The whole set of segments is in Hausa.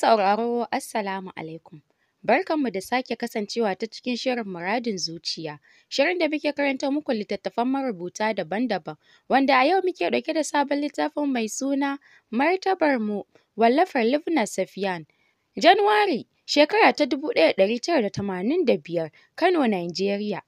sauraro Assalamu alaikum. Barkanmu da sake kasancewa ta cikin shirin muradin zuciya, shirin da muke karanta muku littattafan marubuta daban-daban, wanda a yau muke ɗauke da sabon littafin mai suna Martabar mu wallafar Livna Safiyan. Januwari shekara ta 1985 Kano, Nigeria.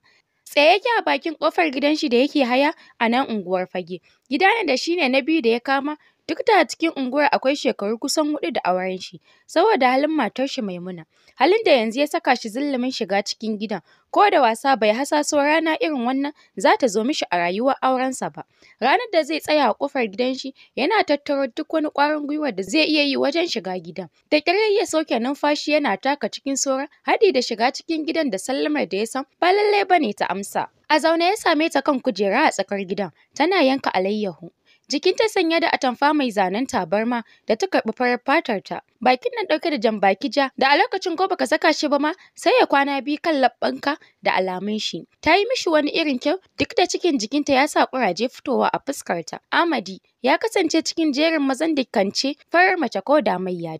tsaye yake a bakin kofar gidan shi da yake haya a nan unguwar fage gida ne da shine na biyu da ya kama Duk da a cikin unguwar akwai shekaru kusan huɗu da auren shi, saboda halin matar shi Maimuna, halin da yanzu ya saka shi zillumin shiga cikin gidan, ko da wasa bai hasaso rana irin wannan za ta zo mishi a rayuwar aurensa ba. Ranar da zai tsaya a kofar gidan shi yana tattaro duk wani ƙwarin gwiwar da zai iya yi wajen shiga gidan. Da ƙyar ya sauke numfashi yana taka cikin sora Hadi da shiga cikin gidan da sallamar da ya san ba lallai bane ta amsa. A zaune ya same ta kan kujera a tsakar gidan, tana yanka alayyahu. Jikinta sanya da atamfa mai zanen tabarma da ta karɓi farar fatarta. Bakin nan ɗauke da jan baki ja da a lokacin ko baka saka shi ba ma sai ya kwana biyu kan labbanka da alamun shi. Ta yi mishi wani irin kyau duk da cikin jikinta ya sa kuraje fitowa a fuskarta. Amadi ya kasance cikin jerin mazan da kance farar mace ko da mai ya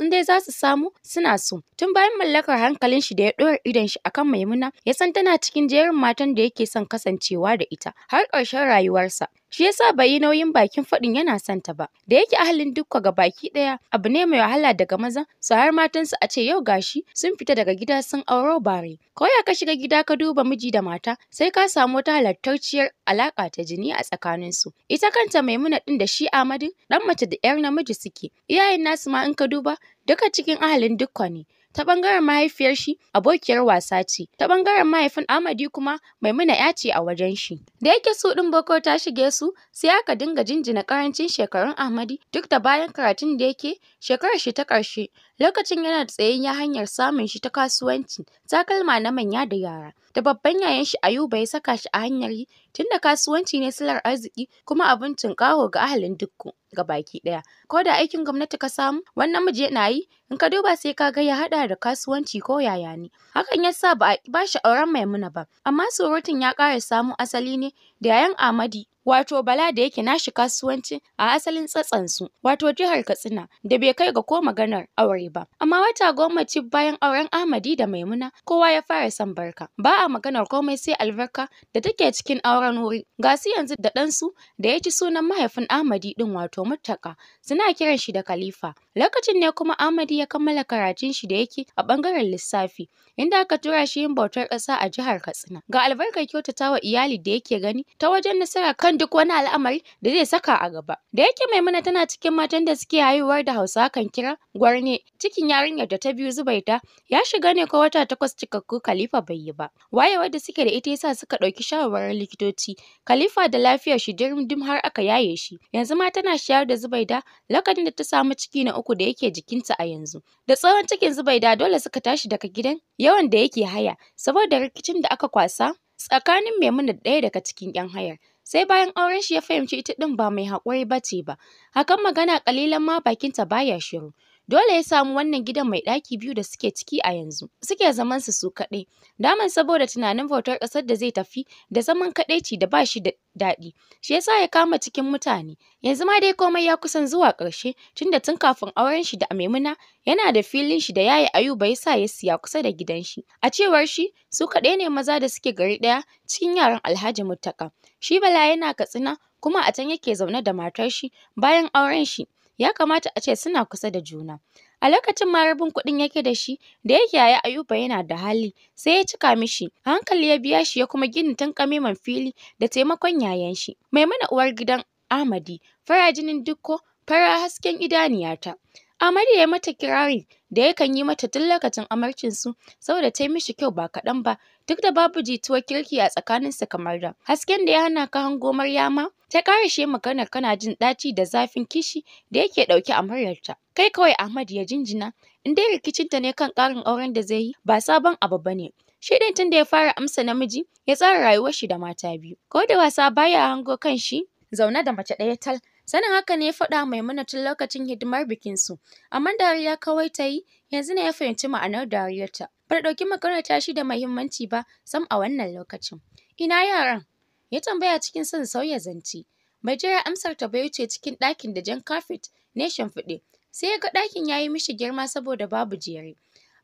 in dai za su samu suna so. Tun bayan mallakar hankalin shi da ya ɗora idon shi akan Maimuna, ya san tana cikin jerin matan da yake son kasancewa da ita har ƙarshen rayuwarsa. shi yasa bai yi nauyin bakin faɗin yana son ta ba da yake ahalin dukka ga baki ɗaya abu ne mai wahala daga maza, su har su a ce yau gashi sun fita daga gida sun auro bare koya ka shiga gida ka duba miji da mata sai ka samu wata halartacciyar alaka ta jini a tsakaninsu ita kanta maimuna ɗin da shi amadin ɗan mace da 'yar namiji suke iyayen nasu ma in ka duba duka cikin ahalin dukka ne ta ɓangaren mahaifiyar shi abokiyar wasa ce ta bangaren mahaifin Amadi kuma Maimuna ya ce a wajen shi da yake su ɗin boko ta shige su sai aka dinga jinjina karancin shekarun Ahmadi duk da bayan karatun da yake shekarar shi ta karshe lokacin yana ya hanyar samun shi ta kasuwanci takalma na manya da yara da babban yayan shi Ayuba ya saka shi a hanyar yi tunda kasuwanci ne silar arziki kuma abincin kaho ga ahalin dukku ga baki ɗaya. Ko da aikin gwamnati ka samu, wannan miji yana yi, in ka duba sai ka ga ya haɗa da kasuwanci ko yaya ne. Hakan ya sa ba a ba shi auren Maimuna ba, amma surutun ya ƙara samun asali ne da yayan Amadi wato Bala da yake nashi kasuwanci a asalin su, wato jihar Katsina da bai kai ga ko maganar aure ba. Amma wata goma ci bayan auren Amadi da Maimuna kowa ya fara son barka. Ba a maganar komai sai albarka da take cikin auren wuri. Ga su yanzu da ɗansu da ya ci sunan mahaifin Amadi din wato Muttaka suna kiran shi da Khalifa. Lokacin ne kuma Amadi ya kammala karatun shi da yake a bangaren lissafi inda aka tura shi yin bautar ƙasa a jihar Katsina. Ga albarkar kyautatawa iyali da yake gani ta wajen nasara kan duk wani al'amari da zai saka a gaba. Da yake Maimuna tana cikin matan da suke haihuwar da Hausa kan kira gwarne, cikin yarinyar da ta biyu Zubaida ya shiga ne ko wata takwas cikakku Khalifa bai yi ba. Wayewar da suke da ita yasa suka ɗauki shawarwarin likitoci. Khalifa da lafiyar shi dirim har aka yaye shi. Yanzu ma tana shayar da Zubaida lokacin da ta samu ciki na uku da yake jikinta a yanzu. Da tsawon cikin Zubaida dole suka tashi daga gidan yawan da yake haya saboda rikicin da aka kwasa tsakanin Maimuna da ɗaya daga cikin ‘yan hayar. Sai bayan auren shi ya fahimci ita ɗin ba mai haƙuri ba ce ba, hakan magana ƙalilan ma bakinta ba ya shiru. Dole ya samu wannan gidan mai ɗaki biyu da suke ciki a yanzu, suke zaman su su kaɗai. Daman saboda tunanin bautar ƙasar da zai tafi da zaman kaɗaici da ba shi da daɗi. Shi yasa ya kama cikin mutane. Yanzu ma dai komai ya kusan zuwa ƙarshe tunda tun kafin auren shi da Maimuna yana da filin shi da yaye Ayuba ya sa ya siya kusa da gidan shi. A cewar shi su kaɗai ne maza da suke gari ɗaya cikin yaran Alhaji mutaka Shi Bala yana Katsina kuma a can yake zaune da matar shi bayan auren shi. ya kamata a ce suna kusa da juna. A lokacin ma rabin kuɗin yake da shi, da yake yaya Ayuba yana da hali, sai ya cika mishi, hankali ya biya shi ya kuma gini ƙamiman fili da taimakon yayan shi. mana uwar gidan Ahmadi, fara jinin dukko, fara hasken idaniyata. amarya ya yi mata kirari da yakan yi mata tun lokacin amarcinsu saboda ta yi mishi kyau ba kaɗan ba duk da babu jituwar kirki a tsakaninsa kamar da. Hasken da ya hana ka hango Maryama ta ƙarashe maganar kana jin ɗaci da zafin kishi da yake ɗauke a ta. Kai kawai Ahmad ya jinjina in dai rikicinta ne kan ƙarin auren da zai yi ba sabon abu ba ne. Shi ɗin tun da ya fara amsa namiji ya tsara rayuwar shi da mata biyu. Ko da wasa baya hango kan shi zaune da mace ɗaya tal Sanin haka ne ya faɗa Maimuna tun lokacin hidimar bikinsu, amma dariya kawai ta yi, yanzu ne ya fahimci ma'anar dariyarta. Ba da ɗauki maganar shi da mahimmanci ba sam a wannan lokacin. Ina yaran? Ya tambaya cikin son sauya zance. Bai jira amsar ta bai wuce cikin ɗakin da jan kafet ne shimfiɗe. Sai ya ga ɗakin ya yi mishi girma saboda babu jere.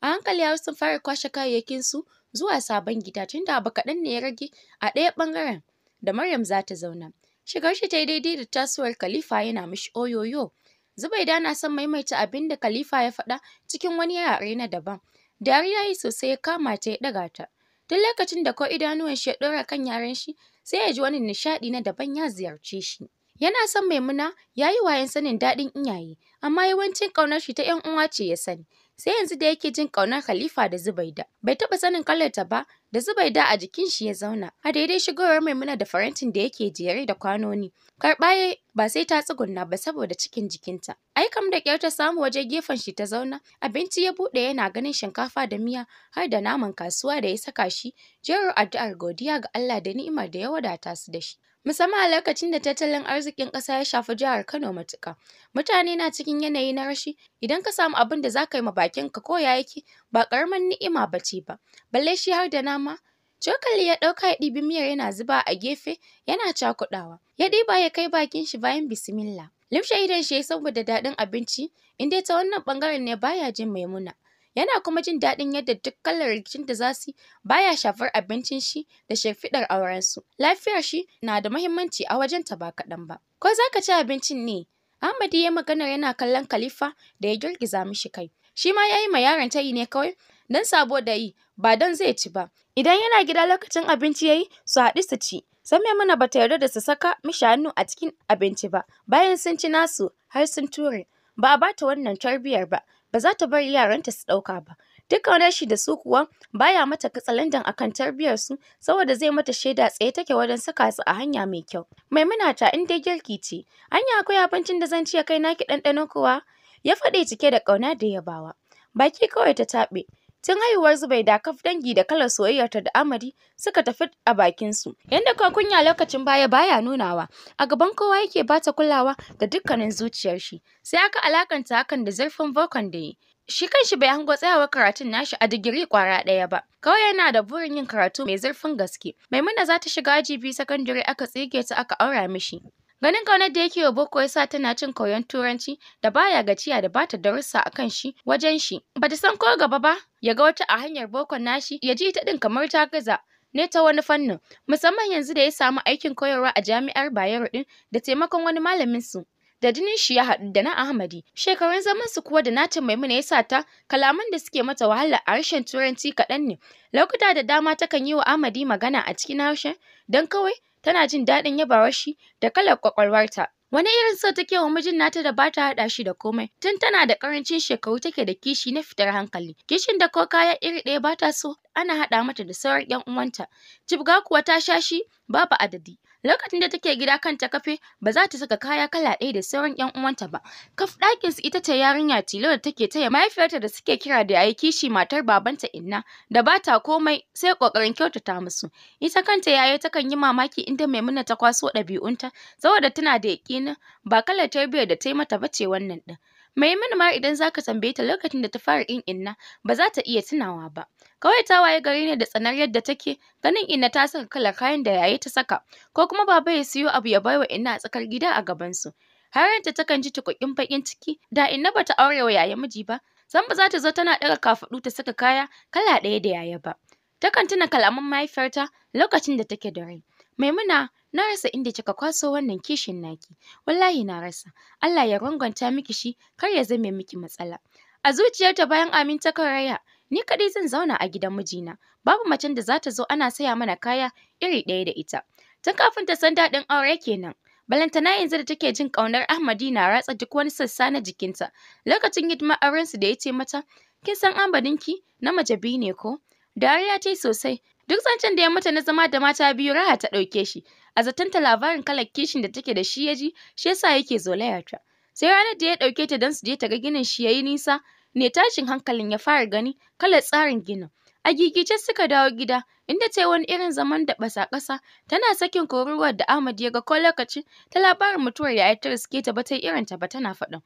A hankali ya sun fara kwashe kayayyakin su zuwa sabon gida tunda abu kaɗan ne ya rage a ɗaya ɓangaren da Maryam za ta zauna. Shigar shi ta daidai da tasowar Khalifa yana mishi oyoyo. Zubaida na son maimaita abin da Khalifa ya faɗa cikin wani yare na daban. Dariya yi sosai ya kama ta ya ɗaga ta. tun lokacin da ko idanuwan shi ya ɗora kan yaren shi sai ya ji wani nishaɗi na daban ya ziyarce shi. Yana son Maimuna ya yi wayan sanin daɗin iyaye, amma yawancin ƙaunar shi ta ‘yan uwa ce ya sani. sai yanzu da yake jin ƙaunar Khalifa da Zubaida. Bai taɓa sanin kalarta ba da Zubaida a jikin shi ya zauna. A daidai shigowar Maimuna da farantin da yake jere da kwanoni. Karɓa ya ba sai ta tsugunna ba saboda cikin jikinta. Ai kam da ƙyar ta samu waje gefen shi ta zauna, abinci ya buɗe yana ganin shinkafa da miya har da naman kasuwa da ya saka shi, jerin addu'ar godiya ga Allah da ni'imar da ya wadata su da shi. musamman a lokacin da tattalin arzikin ƙasa ya shafi jihar Kano matuƙa. Mutane na cikin yanayi na rashi, idan ka samu abin da za ka yi ma bakin ka ko ya yake ba ƙaramin ni'ima ba ce ba, balle shi har da nama. Cokali ya ɗauka ya ɗibi miyar yana zuba a gefe yana cakuɗawa. Ya ɗiba ya kai bakin shi bayan bisimilla. Limshe idan shi saboda daɗin abinci, in dai ta wannan ɓangaren ne baya jin maimuna. yana kuma jin daɗin yadda duk kalar rikicin da za su yi baya shafar abincin shi da shimfiɗar aurensu. Lafiyar shi na da muhimmanci a wajenta ba kaɗan ba. Ko za ka ci abincin ne? Ahmadu ya maganar yana kallon Khalifa da ya girgiza mishi kai. Shi ma ya yi ma yaron tayi ne kawai don sabo da yi ba don zai ci ba. Idan yana gida lokacin abinci ya yi su haɗu su ci. mana ba ta yarda da su saka mishi hannu a cikin abinci ba, bayan sun ci nasu har sun ture. Ba a ba ta wannan tarbiyyar ba, ba za ta bar yaranta su ɗauka ba. Duk ƙaunar shi da su kuwa baya mata katsalandan akan tarbiyyar su saboda zai mata shaida tsaye take wajen saka su a hanya mai kyau. Maimuna ta in dai girki ce, anya akwai abincin da zan ci ya kai naki ɗanɗano kuwa? Ya faɗi cike da ƙauna da yabawa. Baki kawai ta taɓe, Tun haihuwar da kaf dangi da kalar soyayyarta da amari suka tafi a bakin su Yanda ka kunya lokacin baya baya nunawa, a gaban kowa yake bata kulawa da dukkanin zuciyar shi. Sai aka alakanta hakan da zurfin bokon da yi. Shi kanshi bai hango tsayawar karatun nashi a digiri kwara ɗaya ba. Kawai yana da burin yin karatu mai zurfin gaske. Maimuna za ta shiga aji biyu sakandare aka tsige ta aka aura mishi. Ganin ƙaunar da yake wa boko ya sa tana cin koyon turanci da baya gaciya da bata darussa akan shi wajen shi. Ba ta san ko gaba ba ya ga wata a hanyar bokon nashi ya ji ta din kamar ta gaza. ne ta wani fannin musamman yanzu da ya samu aikin koyarwa a jami'ar Bayero din da taimakon wani malamin su da jinin shi ya haɗu da na Ahmadi shekarun zaman su kuwa da natin Maimuna ya sa ta kalaman da suke mata wahala a harshen turanci kaɗan ne lokuta da dama takan yi wa Ahmadi magana a cikin harshen don kawai tana jin daɗin yabawar shi da kalar ƙwaƙwalwarta. Wani irin so take wa mijin nata da bata haɗa shi da komai, tun tana da ƙarancin shekaru take da kishi na fitar hankali. Kishin da ko kaya iri ɗaya bata so, ana haɗa mata da sauran ‘yan uwanta. Jibga kuwa ta sha shi babu adadi. Lokacin da take gida kanta kafe ba za ta saka kaya kala ɗaya da sauran ƴan uwanta ba. Kaf ɗakin su ita ce yarinya tilo da take taya mahaifiyarta da suke kira da yayi kishi matar babanta Inna da ba ta komai sai ƙoƙarin kyautata musu. Ita kanta yaya takan yi mamaki inda Maimuna ta kwaso ɗabi'unta saboda tana da yaƙinin ba kalar tarbiyyar da ta yi mata ba ce wannan ɗin. Maimuna ma idan zaka tambaye ta lokacin da ta fara ƙin Inna ba za ta iya tunawa ba. Kawai ta waye gari ne da tsanar yadda take ganin Inna ta saka kalar kayan da yaye ta saka ko kuma baba ya siyo abu ya baiwa Inna a tsakar gida a gabansu. Haranta takan ji tukukin bakin ciki da Inna ba ta aure wa yaye miji ba san ba za ta zo tana ɗaga kafaɗu ta saka kaya kala ɗaya da yaye ba. Takan tuna kalaman mahaifiyarta lokacin da take da rai. Maimuna na rasa inda kika kwaso wannan kishin naki, wallahi na rasa, Allah ya rangwanta miki shi kar ya zame miki matsala. A zuciyarta bayan Amin ta karaya, ni kaɗai zan zauna a gidan mijina, babu macen da za ta zo ana saya mana kaya iri ɗaya da ita. Tun kafin ta san daɗin aure kenan. Balantana yanzu da take jin ƙaunar Ahmadi na ratsa duk wani sassa na jikinta. Lokacin hidimar aurensu da ya ce mata, kin san ki, na majabi ne ko? Dariya ta yi sosai Duk zancen da ya mata na zama da mata biyu raha ta ɗauke shi, a zaton ta labarin kalar kishin da take da shi ya ji, shi yasa yake zolaya ta. Sai ranar da ya ɗauke ta don su je ta ga ginin shi ya yi nisa, ne tashin hankalin ya fara gani kalar tsarin ginin. A gigice suka dawo gida, inda ta yi wani irin zaman da basa ƙasa, tana sakin kururuwar da Ahmad ya ga ko lokaci ta labarin mutuwar yaya ta riske ta ba ta irin ta ba tana faɗin.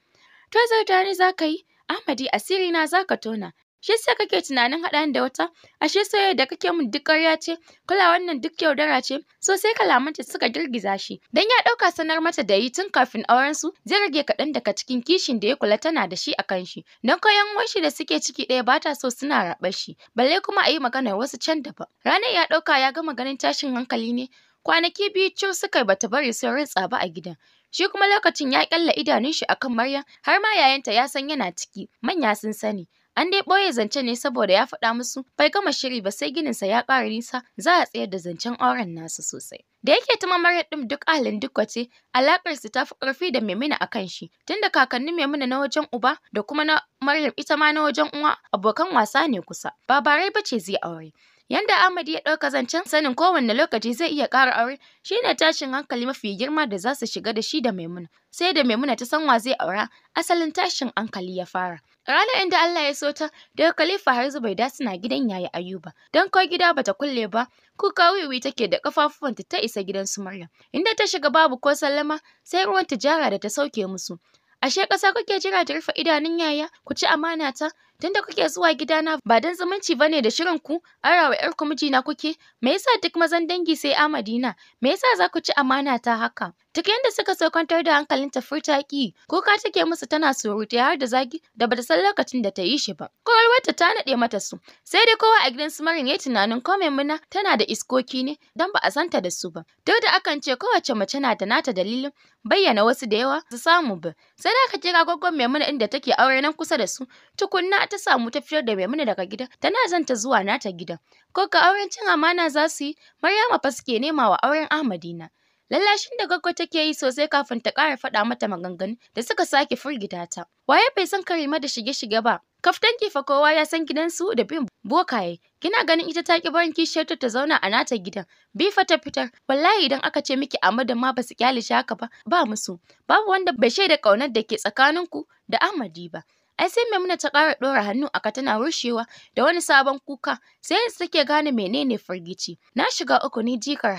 To zartani za ka yi, Ahmadi asiri na za ka tona, Shi yasa kake tunanin haɗa ni da wata? Ashe soyayya da kake min duk ƙarya ce? Kula wannan duk yaudara ce? So sai kalamanta suka girgiza shi. Dan ya ɗauka sanar mata da yi tun kafin auren su zai rage kaɗan daga cikin kishin da ya kula tana da shi a kan shi. Don koyan uwanshi da suke ciki ɗaya ba ta so suna raɓar shi. Balle kuma a yi maganar wasu can daban. Ranar ya ɗauka ya gama ganin tashin hankali ne. Kwanaki biyu cur suka bata bari sun rintsa ba a gidan. shi kuma lokacin ya kyalla idanun shi akan Maryam har ma yayanta ya san yana ciki manya sun sani An dai ɓoye zancen ne saboda ya faɗa musu bai gama shiri ba sai gininsa ya ƙara nisa za a tsayar da zancen auren nasu sosai. Da yake tuma Maryam ɗin duk ahalin dukka alaƙar alaƙarsu ta fi ƙarfi da Maimuna a kan shi, tunda kakannin Maimuna na wajen uba da kuma na Maryam ita ma na wajen uwa abokan wasa ne kusa, ba barai ba ce zai aure. Yanda Ahmad ya ɗauka zancen sanin kowanne lokaci zai iya ƙara aure shi ne tashin hankali mafi girma da za su shiga da shi da Maimuna. Sai da Maimuna ta san wa zai aura, asalin tashin hankali ya fara. Ranar inda Allah ya so ta, da Khalifa har Zubaida suna gidan yayi Ayuba. Don ko gida bata kulle ba, kuka wiwi take da ƙafafuwanta ta isa gidan su Maryam. Inda ta shiga babu ko sallama, sai ruwan tijara da ta sauke musu. Ashe ƙasa kuke jira ta rufe idanun yaya, ku ci amana ta, tunda kuke zuwa gidana ba dan zumunci bane da shirin ku arawa yar ku mijina kuke me yasa duk mazan dangi sai amadina me yasa za ku ci amana ta haka duk yanda suka so kwantar da hankalin ta furta ki kuka take musu tana surutu har da zagi da bata san lokacin da ta yi shi ba kowarwarta ta tanade mata su sai dai kowa a gidan su marin yayi tunanin ko maimuna tana da iskoki ne dan ba a santa da su ba duk da akan ce kowace mace na da nata dalilin bayyana wasu da yawa su samu ba sai da aka kira gwaggon maimuna inda take aure nan kusa da su tukunna ta samu ta fitar da Maimuna daga gida tana zanta ta zuwa nata gidan. Ko ga auren cin amana za su yi, Maryama fa suke nema wa auren Ahmadina. Lallashin da Goggo take yi sosai kafin ta ƙara faɗa mata maganganu da suka sake firgita ta. Waye bai san Karima da shige-shige ba? Kaftan kifa kowa ya san gidansu da bin bokaye. Kina ganin ita ta ki barin kishiyarta ta zauna a nata gidan. Bifa ta fitar. Wallahi idan aka ce miki Amadu ma ba su kyale shi haka ba, ba musu. Babu wanda bai shaida kaunar da ke tsakaninku da Ahmadi ba. Ai sai Maimuna ta ƙara ɗora hannu a tana rushewa da wani sabon kuka sai yanzu take gane menene firgici. Na shiga uku ni jikar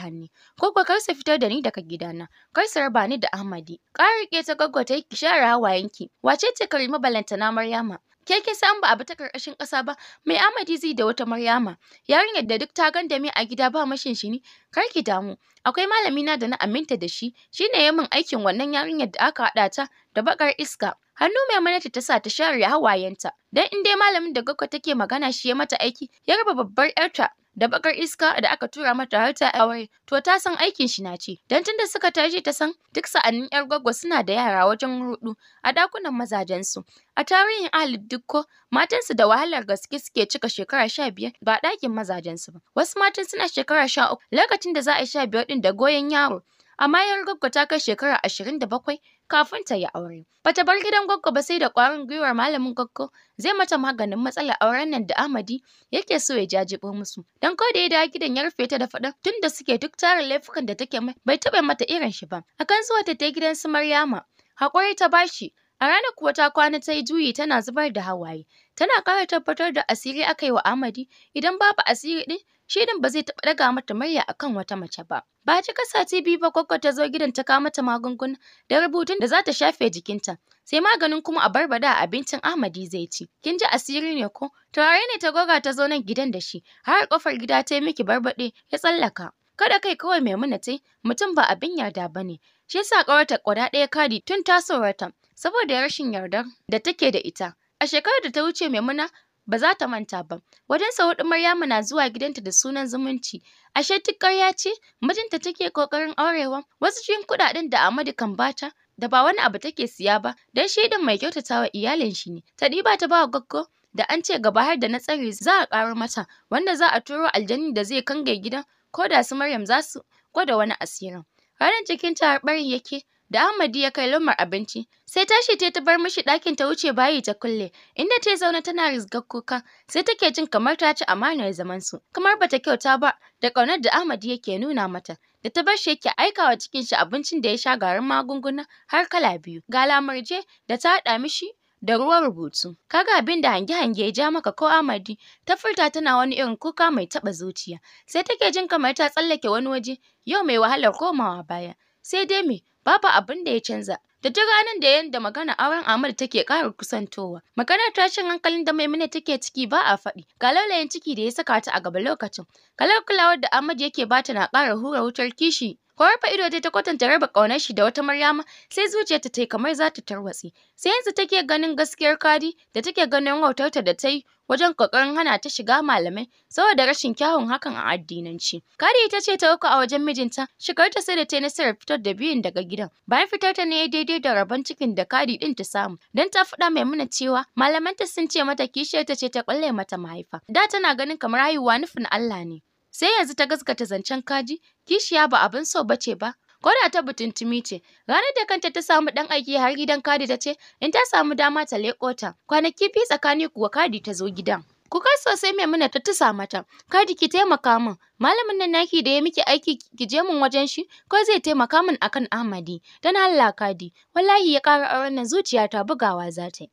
Ko Goggo kar su fitar da ni daga gidana. Kar su raba ni da Ahmadi. Ƙara riƙe ta goggo ta yi ki hawayenki. Wace ce Karima balantana Maryama? ke ke san ba a ta karkashin ƙasa ba mai amadi zai da wata maryama yarinyar da duk ta gandami a gida ba ne, kar ki damu akwai malami na da na aminta da shi shine ya min aikin wannan yarinyar da aka haɗa ta da bakar iska hannu mai manata ta sa ta share hawayenta dan in dai malamin da gaggo take magana shi ya mata aiki ya raba babbar yarta da bakar iska da aka tura mata har ta aure to ta san aikin shi na ci dan tunda suka tashi ta san duk sa'annin yar gwaggwa suna da yara wajen rudu a dakunan mazajen su a tarihin Alid Dukko matansu da wahalar gaske suke cika shekara sha biyar ba ɗakin mazajen su ba wasu matan suna shekara sha uku lokacin da za a yi sha biyar ɗin da goyon yaro amma yar Gwaggo ta kai shekara ashirin da bakwai kafin ta yi aure. Bata bar gidan Gwaggo ba sai da ƙwarin gwiwar malamin Gwaggo zai mata maganin matsalar auren nan da Amadi yake so ya jajibo musu. Don ko da ya dawo gidan ya rufe ta da faɗa tun da suke duk tarin laifukan da take mai bai taɓa mata irin shi ba. Akan zuwa ta tai gidan su Maryama, haƙuri ta bashi, a ranar kuwa ta kwana ta yi juyi tana zubar da hawaye. tana ƙara tabbatar da asiri aka yi wa Amadi idan babu asiri ɗin shi ɗin ba zai taɓa ɗaga mata murya a kan wata mace ba. Ba a cika sati biyu ba Gwaggo ta zo gidan ta kawo mata magunguna da rubutun da za ta shafe jikinta sai maganin kuma a barbada a abincin Amadi zai ci. Kin ji asiri ne ko? Turare ne ta goga ta zo nan gidan da shi har ƙofar gida ta yi miki barbaɗe ya tsallaka. kada kai kawai Maimuna munatai, mutum ba abin yarda ba ne. Shi sa ƙawarta ƙwada ɗaya kadi tun tasowarta saboda rashin yardar da take da ita. A shekarar da ta wuce Maimuna ba za ta manta ba, wajen sa huɗu Maryamu na zuwa gidanta da sunan zumunci, ashe duk ƙarya ce mijinta take ƙoƙarin aurewa, wasu cikin kuɗaɗen da Amadu kan bata da ba wani abu take siya ba, don shi ɗin mai kyautatawa iyalin shi ne. Ta ɗiba ta ba wa Goggo da an ce gaba har da na tsare za a ƙaro mata, wanda za a turo aljani da zai kange gidan ko da su Maryam za su gwada wani asirin. Ranar cikin har ɓari yake, da Ahmad ya kai lumar abinci sai tashi ta ta bar mishi ɗakin ta wuce bayi ta kulle inda ta zauna tana rizgar kuka sai take jin kamar ta ci amanar zaman su kamar bata kyauta ba da ƙaunar da Ahmad yake nuna mata da ta bar shi yake aikawa cikin shi abincin da ya sha garin magunguna har kala biyu ga lamarje da ta haɗa mishi da ruwan rubutu. Kaga abin da hange-hange ya ja maka ko ahmadi ta furta tana wani irin kuka mai taɓa zuciya. Sai take jin kamar ta tsallake wani waje, yau mai wahalar komawa baya. Sai dai me, babu abin da ya canza da duk ranar da yanda magana auren Amir take ƙara kusantowa. Maganar tashin hankalin da Maimuna take ciki ba a faɗi. Ga laulayin ciki da ya saka ta a gaba lokacin. Kalar kulawar da Amadu yake bata na ƙara hura wutar kishi Ko rufe ido ta kwatanta raba ƙaunar shi da wata Maryama sai zuciyarta ta kamar za ta tarwatse. Sai yanzu take ganin gaskiyar Kadi da take ganin wautarta da ta yi wajen ƙoƙarin hana ta shiga malamai saboda rashin kyawun hakan a addinanci. Kadi ita ce ta uku a wajen mijinta, ta sai da ta yi nasarar fitar da biyun daga gidan. Bayan fitar ta ne daidai da rabon cikin da Kadi din ta samu, don ta faɗa muna cewa malamanta sun ce mata kishiyarta ce ta ƙulle mata mahaifa. Da tana ganin kamar haihuwa nufin Allah ne. Sai yanzu ta gaskata zancen kaji, kishiya ba abin so bace ba. Ko da ta butuntumi ce, ranar da kanta ta samu dan aiki har gidan kadi ta ce, in ta samu dama ta leko ta. Kwanaki biyu tsakani kuwa kadi ta zo gidan. Kuka sosai Maimuna ta tusa mata, kadi ki taimaka min, malamin nan naki da ya miki aiki ki je min wajen shi ko zai taimaka min akan Ahmadi, Tana Allah kadi, wallahi ya kara auren nan zuciya ta bugawa za ta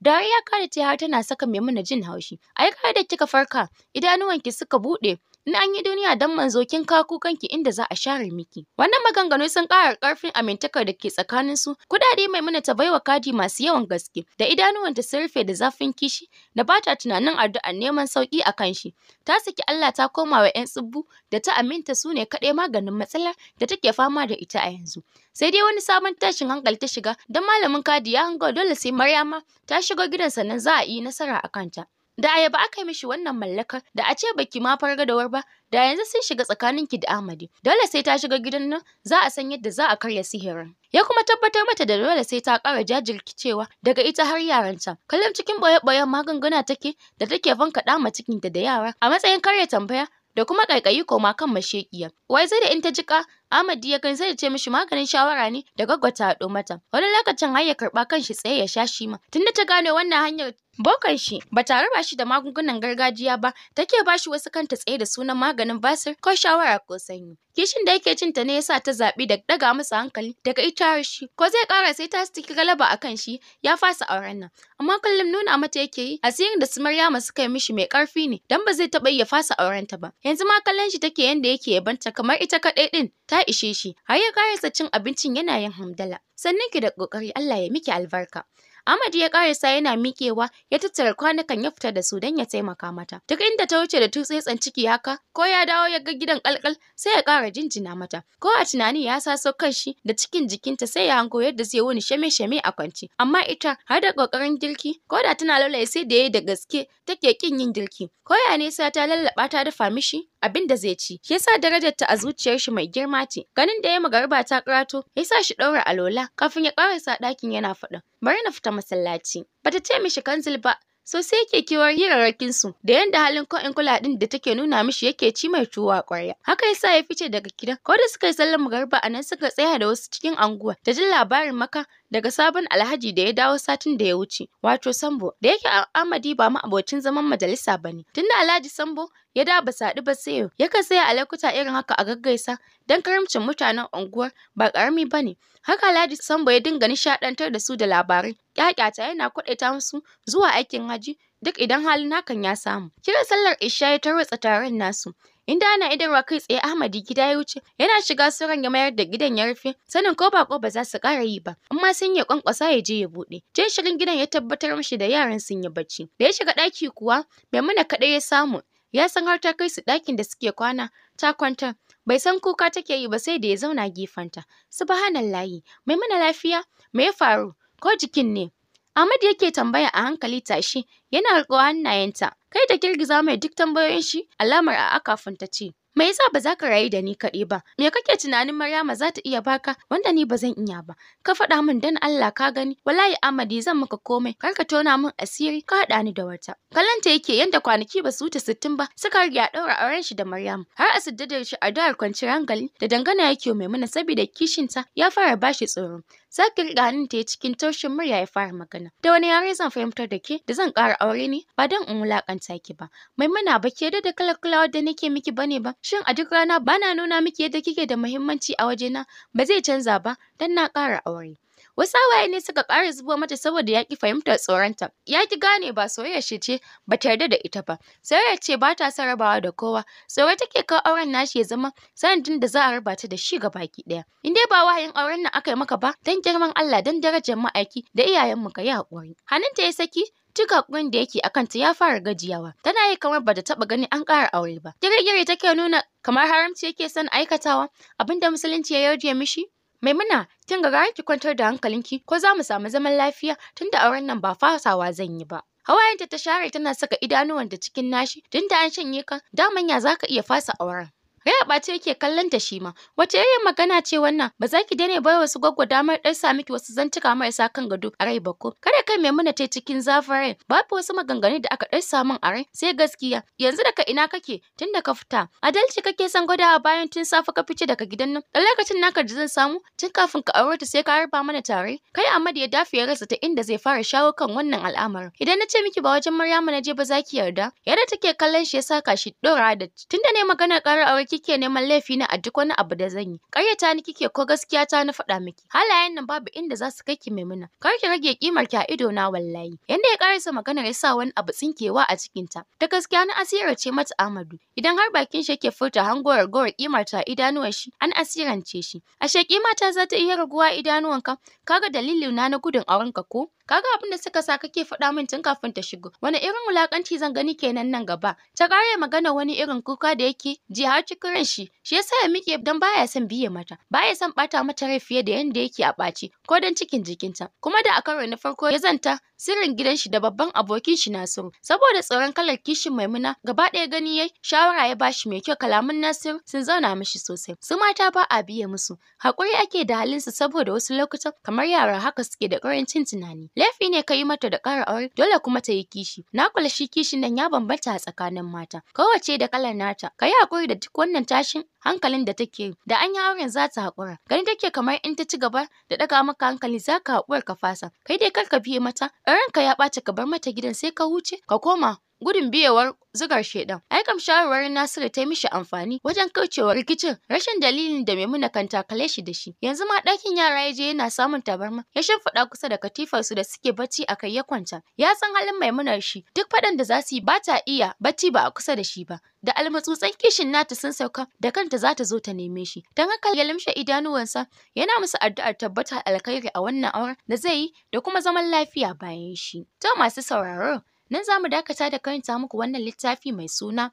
Dariya kadi ce har tana saka Maimuna jin haushi, ai kar da kika farka, idanuwanki suka buɗe, in an yi duniya don manzo kin kawo ki inda za a share miki wannan maganganu sun ƙara ƙarfin amintakar da ke tsakanin su kuɗaɗe muna ta baiwa kadi masu yawan gaske da idanuwanta sun rufe da zafin kishi da ba ta tunanin addu'a neman sauƙi a kan shi ta saki Allah ta koma wa 'yan tsibbu da ta aminta su ne kaɗai maganin matsalar da take fama da ita a yanzu sai dai wani sabon tashin hankali ta shiga don malamin kadi ya hango dole sai Maryama ta shigo gidan sannan za a yi nasara a kanta da ayaba aka yi mishi wannan mallakar da a ce baki ma farga da war ba da yanzu sun shiga tsakaninki da Amadi dole sai ta shiga gidan nan za a san yadda za a karya sihirin ya kuma tabbatar mata da dole sai ta kara jajircewa daga ita har yaranta kallon cikin boye-boyen magunguna take da take fankaɗa ma cikinta da yara a matsayin karya tambaya da kuma ƙaiƙayi koma kan mashekiya. Wai sai da in ta jiƙa, Ahmad ya gani sai da ce mishi maganin shawara ne da gaggwata mata. Wani lokacin har ya karɓa kanshi tsaye ya sha shi ma. Tunda ta gane wannan hanyar Bokan shi ba ta raba shi da magungunan gargajiya ba, take ba shi wasu kanta tsaye da sunan maganin basir ko shawara ko sanyi. Kishin da yake cinta ne yasa ta zaɓi da daga masa hankali daga ita har shi, ko zai ƙara sai ta saki galaba akan shi ya fasa auren nan. Amma kullum nuna mata yake yi, asirin da su Maryama suka yi mishi mai ƙarfi ne, dan ba zai taɓa iya fasa aurenta ba. Yanzu ma kallon shi take yanda yake yabanta kamar ita kaɗai ɗin ta ishe shi, har ya ƙarasa cin abincin yana yin hamdala. Sannan ki da ƙoƙari Allah ya miki albarka. Ahmad ya karasa yana miƙewa ya tattara kwanukan ya fita da su don ya taimaka mata. Duk inda ta wuce da tsan ciki haka ko ya dawo ya ga gidan kalkal sai ya ƙara jinjina mata. Ko a tunani ya saso kanshi da cikin jikinta sai ya hango yadda zai wuni shame-shame a kwance. Amma ita har da ƙoƙarin girki ko da tana laulaye sai da yayi da gaske take ƙin yin girki. Ko ya nisa ta lallaɓa ta dafa mishi abin da zai ci. Shi yasa darajarta a zuciyar shi mai girma ce. Ganin da ya magariba ta karato, ya sa shi ɗaura alola kafin ya ƙarasa ɗakin yana faɗin. bari na fita masallaci Ba ta ce mishi kanzil ba sosai yake kewar hirarrakin su da yadda halin ko in kula din da take nuna mishi yake ci mai tuwa ƙwarya. haka ya sa ya fice daga gidan ko da suka yi sallar a nan suka tsaya da wasu cikin anguwa ta ji labarin maka daga sabon alhaji da ya dawo satin da ya wuce wato Sambo da yake Amadi ba ma abocin zaman majalisa bane tunda Alhaji Sambo ya da ba saɗi ba sai yau yakan saya a lokuta irin haka a gaggaisa don karamcin mutanen unguwar ba ƙarami bane haka Alhaji Sambo ya dinga nishaɗantar da su da labarai ƙyaƙyata yana kwaɗaita musu zuwa aikin haji duk idan halin hakan ya samu. Kiran sallar isha ya tarwatsa taron nasu. Inda ana wa kai tsaye Ahmadi gida ya wuce, yana shiga sauran ya mayar da gidan ya rufe, sanin ko bako ba za su ƙara yi ba, amma sun ya kwankwasa ya je ya buɗe. Jin shirin gidan ya tabbatar mishi da yaran sun yi bacci. Da ya shiga ɗaki kuwa, Maimuna kaɗai ya samu, ya san har ta kai su ɗakin da suke kwana, ta kwanta, Bai san kuka take yi ba sai da ya zauna gefenta. Subhanallahi, Maimuna lafiya? Me ya faru? Ko jikin ne? Ahmad yake tambaya a hankali tashi yana riƙo hannayenta. Kai ta girgiza mai duk tambayoyin shi alamar a akafin ta ce. Me yasa ba za ka rayu da ni kaɗai ba? Me kake tunanin Maryama za ta iya baka wanda ni ba zan iya ba? Ka faɗa min dan Allah ka gani. Wallahi Amadi zan maka komai. Kar ka tona min asiri ka haɗa ni da wata. Kalanta yake yanda kwanaki ba su wuce sittin ba suka riga ɗaura auren shi da Maryam. Har a siddar shi a da'ar kwanciyar hankali da dangana yake mai mana saboda kishinta ya fara bashi tsoro. za ki riƙa hannun ta cikin taushin murya ya fara magana da wani yare zan fahimtar da ke da zan ƙara aure ne ba don in wulaƙanta ki ba maimuna ba ke yadda da kalar kulawar da nake miki ba ne ba shin a duk rana ba na nuna miki yadda kike da muhimmanci a wajena ba zai canza ba don na ƙara aure Wasu hawaye ne suka ƙara zubo mata saboda ya ƙi fahimtar tsoronta. Ya ƙi gane ba soyayya shi ce ba ta yarda da ita ba. Soyayya ce ba ta rabawa da kowa. Tsoro take kawo auren nashi ya zama sanadin da za a raba ta da shi ga baki ɗaya. In dai ba wahayin auren nan aka yi maka ba, dan girman Allah dan darajar ma'aiki da iyayenmu ka yi haƙuri. ta ya saki duk hakurin da yake akan ta ya fara gajiyawa tana yi kamar ba bata taba gani an ƙara aure ba ta take nuna kamar haramci yake son aikatawa abinda musulunci ya yarda mishi Maimuna kin ga gara ki kwantar da hankalinki ko za mu samu zaman lafiya tunda auren nan ba fasawa zan yi ba. Hawayenta ta share tana saka idanuwanta cikin nashi tunda an shanye ka daman ya ka iya fasa auren. Rai ɓace yake kallon ta shi ma. Wace irin magana ce wannan? Ba za ki daina bai wasu gwaggwa damar ɗan sa miki wasu zantuka marasa kan gado a rai ba ko? Kada kai muna ta cikin zafin Babu wasu maganganu da aka ɗan min a rai sai gaskiya. Yanzu daga ina kake tun da ka fita? Adalci kake son gwadawa bayan tun safe ka fice daga gidan nan. dan lokacin naka da zan samu tun kafin ka aure ta sai ka harba mana tare. Kai Ahmad ya dafe ya rasa ta inda zai fara shawo kan wannan al'amarin. Idan na ce miki ba wajen Maryamu na je ba za ki yarda. Yadda take kallon shi ya saka shi ɗora da tunda ne maganar karar aure kike neman laifi na a duk wani abu da zan yi ƙaryata ni kike ko gaskiya ta na faɗa miki halayen nan babu inda za su kai ki maimuna kar ki rage kimar ki a ido na wallahi yanda ya karasa maganar ya sa wani abu tsinkewa a cikin ta ta gaskiya na asira ce mata Amadu idan har bakin shi yake furta hango ragowar kimar ta idanuwan shi an asirance shi ashe kima ta za ta iya raguwa idanuwanka kaga dalilin na na gudun aurenka ko kaga abin da suka sa kake faɗa min tun kafin ta shigo wani irin wulakanci zan gani kenan nan gaba ta ƙare magana wani irin kuka da yake ji har cikin shi shi yasa ya miƙe dan baya son biye mata baya son ɓata mata rai fiye da yanda yake a ɓaci ko dan cikin jikinta kuma da a karo na farko ya zanta sirrin gidan shi da babban abokin shi Nasiru saboda tsoron kalar kishin Maimuna gaba ɗaya gani yayi shawara ya ba shi mai kyau kalaman Nasiru sun zauna mishi sosai su mata ba a biye musu hakuri ake da halin su saboda wasu lokutan kamar yara haka suke da ƙarancin tunani laifi ne ka yi mata da ƙara aure dole kuma ta yi kishi na kula shi kishin nan ya bambanta a tsakanin mata kowace da kalar nata ka yi haƙuri da duk wannan tashin hankalin da take yi da an yi auren za ta haƙura gani take kamar in ta ci gaba da ɗaga maka hankali za ka haƙura ka fasa kai dai kar ka biye mata ranka ya ɓaci ka bar mata gidan sai ka wuce ka koma gudun biyewar zugar shedan. Aikam shawarwarin Nasiru ta yi mishi amfani wajen kaucewa rikicin rashin dalilin da Maimuna kan takale shi da shi. Yanzu ma ɗakin yara ya je yana samun tabarma ya shimfiɗa kusa da katifarsu da suke bacci a kai ya kwanta. Ya san halin Maimunar shi duk faɗan da za su yi ba ta iya bacci ba a kusa da shi ba. Da almatsutsan kishin nata sun sauka da kanta za ta zo ta neme shi. Don haka ya limshe idanuwansa yana musu addu'ar tabbatar alkhairi a wannan auren da zai yi da kuma zaman lafiya bayan shi. To masu sauraro Nan za mu dakata da karanta muku wannan littafi mai suna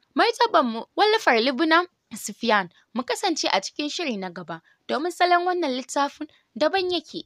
mu wallafar libuna sufiyan Mu kasance a cikin shiri na gaba domin salon wannan littafin daban yake.